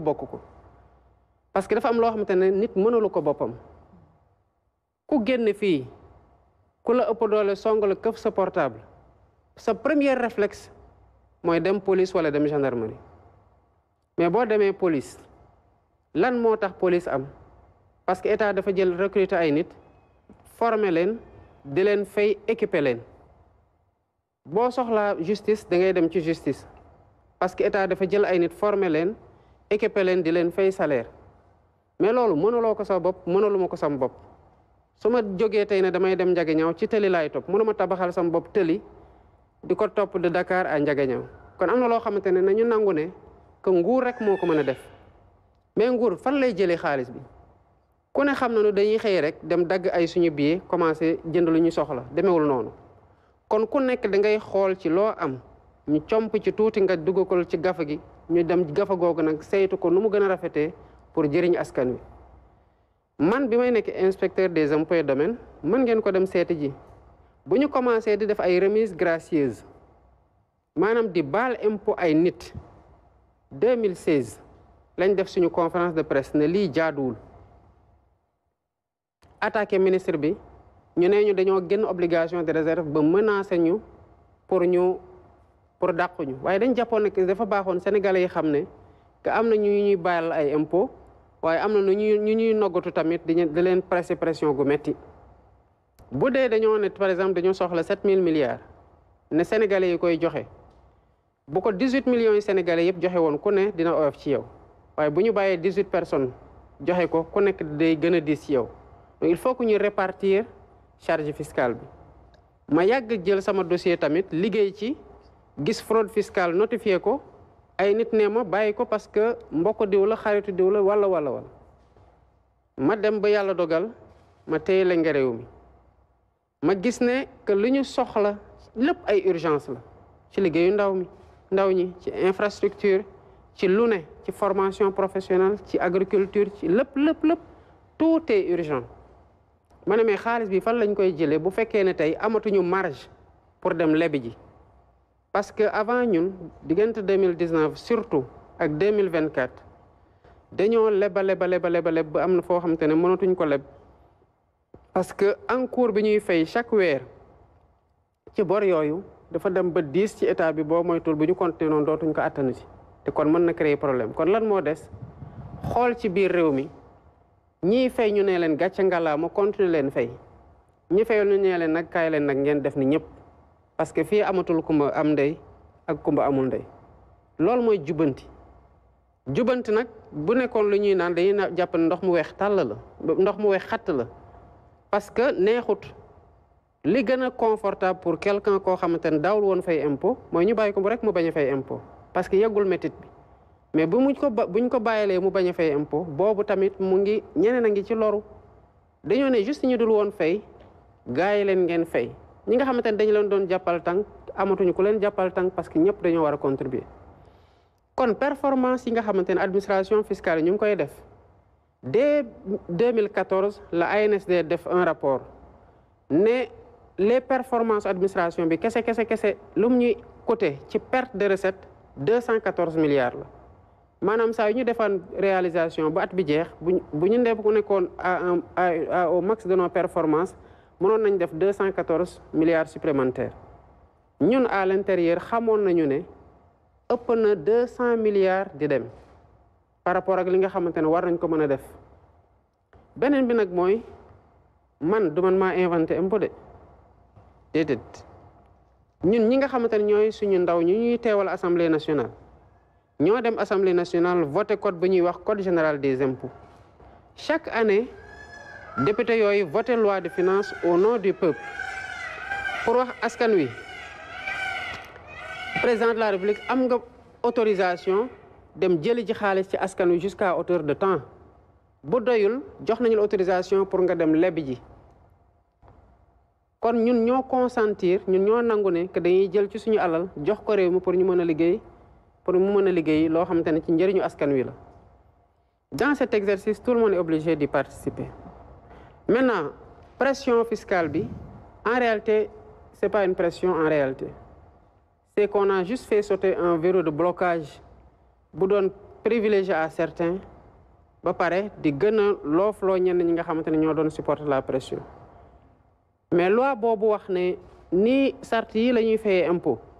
bokk ko parce que dafa am loo xamante ne nit mënalu ko boppam ku génn fii ku la ëpp doole song la këf sa portable sa première réflexe mooy dem police wala dem gendarmerie mais boo demee police lan moo tax police am parce que état dafa jël recruter ay nit former leen di leen fay équipe leen boo soxla justice da ngay dem ci justice parce que état dafa jël ay nit former leen équipé leen di leen fay saleer mais loolu mënuloo ko sa bopp mënuluma ko sam bopp su ma jógee tey ne damay dem Ndiaganiao ci tëli laay topp mënuma tabaxal sam bopp tëli di ko topp de dakaar à Ndiaganiao kon am na loo xamante ne nañu nangu ne que nguur rek moo ko mën a def mais nguur fan lay jëlee xaalis bi ku ne xam na nu dañuy xëy rek dem dagg ay suñu billet commencé jënd lu ñu soxla demewul noonu kon ku nekk dangay xool ci loo am ñu comp ci tuuti nga duggakol ci gafa gi ñu dem gafa googu nag saytu ko nu mu gën a rafetee pour jëriñ askan wi man bi may nekk inspecteur des impôts et domaines mën ngeen ko dem seeti ji bu ñu commencé di def ay remise gracieuse maanaam di bale impôt ay nit 2016 lañ def suñu conférence de presse ne lii jaaduwul attaqué ministre bi ñu ne ñu dañoo génn obligation de réserve ba menacé ñu pour ñu pour dàqu ñu waaye dañ jàppoon ne dafa baaxoon sénégalais yi xam ne que am na ñu ñuy bàyyal ay impôt waaye am na ñu ñuy ñu ñuy noggatu tamit di leen pressé pression gu métti bu dee dañoo ne par exemple dañoo soxla 7000 milliards ne sénégalais yi koy joxe bu ko 18 millions yi sénégalais yëpp joxe woon ku ne dina oyof ci yow waaye bu ñu bàyyee 18 personnes joxe ko ku nekk day gën a diis ci yow donc il faut que ñu répartir charge fiscale bi ma yàgg jël sama dossier tamit liggéey ci. gis fraude fiscale notifié ko ay nit ne ma bàyyi ko parce que mbokk diw la xaritu diw la wala wala wala ma dem ba yàlla dogal ma téye la ngerew mi ma gis ne que li ñu soxla lépp ay urgence la ci liggéeyu ndaw mi ndaw ñi ci infrastructure ci lu ne ci formation professionnelle ci agriculture ci lépp lépp lépp tout est urgent ma ne mais xaalis bi fan lañ koy jëlee bu fekkee ne tey amatuñu marge pour dem lebi ji parce que avant ñun diggante deux mille dix neuf surtout ak deux mille vingt quatre dañoo leba leba leba leba leb ba am na foo xamante ne mënatuñ ko leb parce que encours bi ñuy fay chaque weer ci bor yooyu dafa dem ba diis ci état bi boo moytul bu ñu continué noonu dootuñ ko attanu si te kon mën na créer problème kon lan moo des xool ci biir réew mi ñiy fay ñu nee leen gàcce ngalaama continuer leen fay ñi fayal ñu ne leen nag kaay leen nag ngeen def ni ñëpp. parce que fii amatul kumba am ndey ak kumba amul ndey loolu mooy jubbanti jubbanti nag bu nekkoon lu ñuy naan dañuy jàpp ne ndox mu weex tàll la ndox mu weex xatt la parce que neexut li gën a confortable pour quelqu'un koo xamante ne daawul woon fay impôt mooy ñu bàyyi ko bu rek mu bañ a fay impôt que yeggul métit bi mais bu muñ ko buñ ko bàyyilee mu bañ a fay boobu tamit mu ngi ñeneen a ngi ci loru dañoo ne juste ñu dul woon fay gaay leen ngeen fay ñi nga xamante ne dañu leen doon jàppal tànk amatuñu ku leen jàppal tànk parce que ñëpp dañoo war a contribuer kon performance yi nga xamante ne administration fiscale yi ñu ngi koy def dès 2014 la ANSD def un rapport ne les performances administration bi kese kese kese lum mu ñuy côté ci perte de recette 214 milliards la maanaam saa yu ñu defaan réalisation ba at bi jeex bu ñu bu ñu nekkoon à un au max de nos performances. mënoon nañ def deux cent quatorze milliards supplémentaires ñun à l'intérieur xamoon nañu ne ëpp na deux cent milliards di dem par rapport ak li nga xamante ne war nañ ko mën a def beneen bi nag mooy man du man maa inventé impôt de ñun ñi nga xamante ne ñooy suñu ndaw ñu ñuy teewal assemblée nationale ñoo dem assemblée nationale voté code bu ñuy wax code général des impôts chaque année député yooyu voté loi de finance au non du peuple pour wax askan wi président de la république am nga autorisation dem jëli ji xaalis ci askan wi jusqu'à hauteur de temps bu doyul jox nañu la autorisation pour nga dem leb ji kon ñun ñoo consentir ñun ñoo nangu ne que dañuy jël ci suñu alal jox ko réew mi pour ñu mën a liggéey pour mu mën a liggéey loo xamante ne ci njëriñu askan wi la dans cet exercice tout le monde est obligé participer maintenant pression fiscale bi en réalité c'est pas une pression en réalité c'est qu'on a juste fait sauter un véro de blocage bu doon privilégié à certains ba pare di gën a loo ñenn ñi nga xamante ne ñoo doon supporter la pression mais loi boobu wax ne ni sart yi la ñuy fayee impôt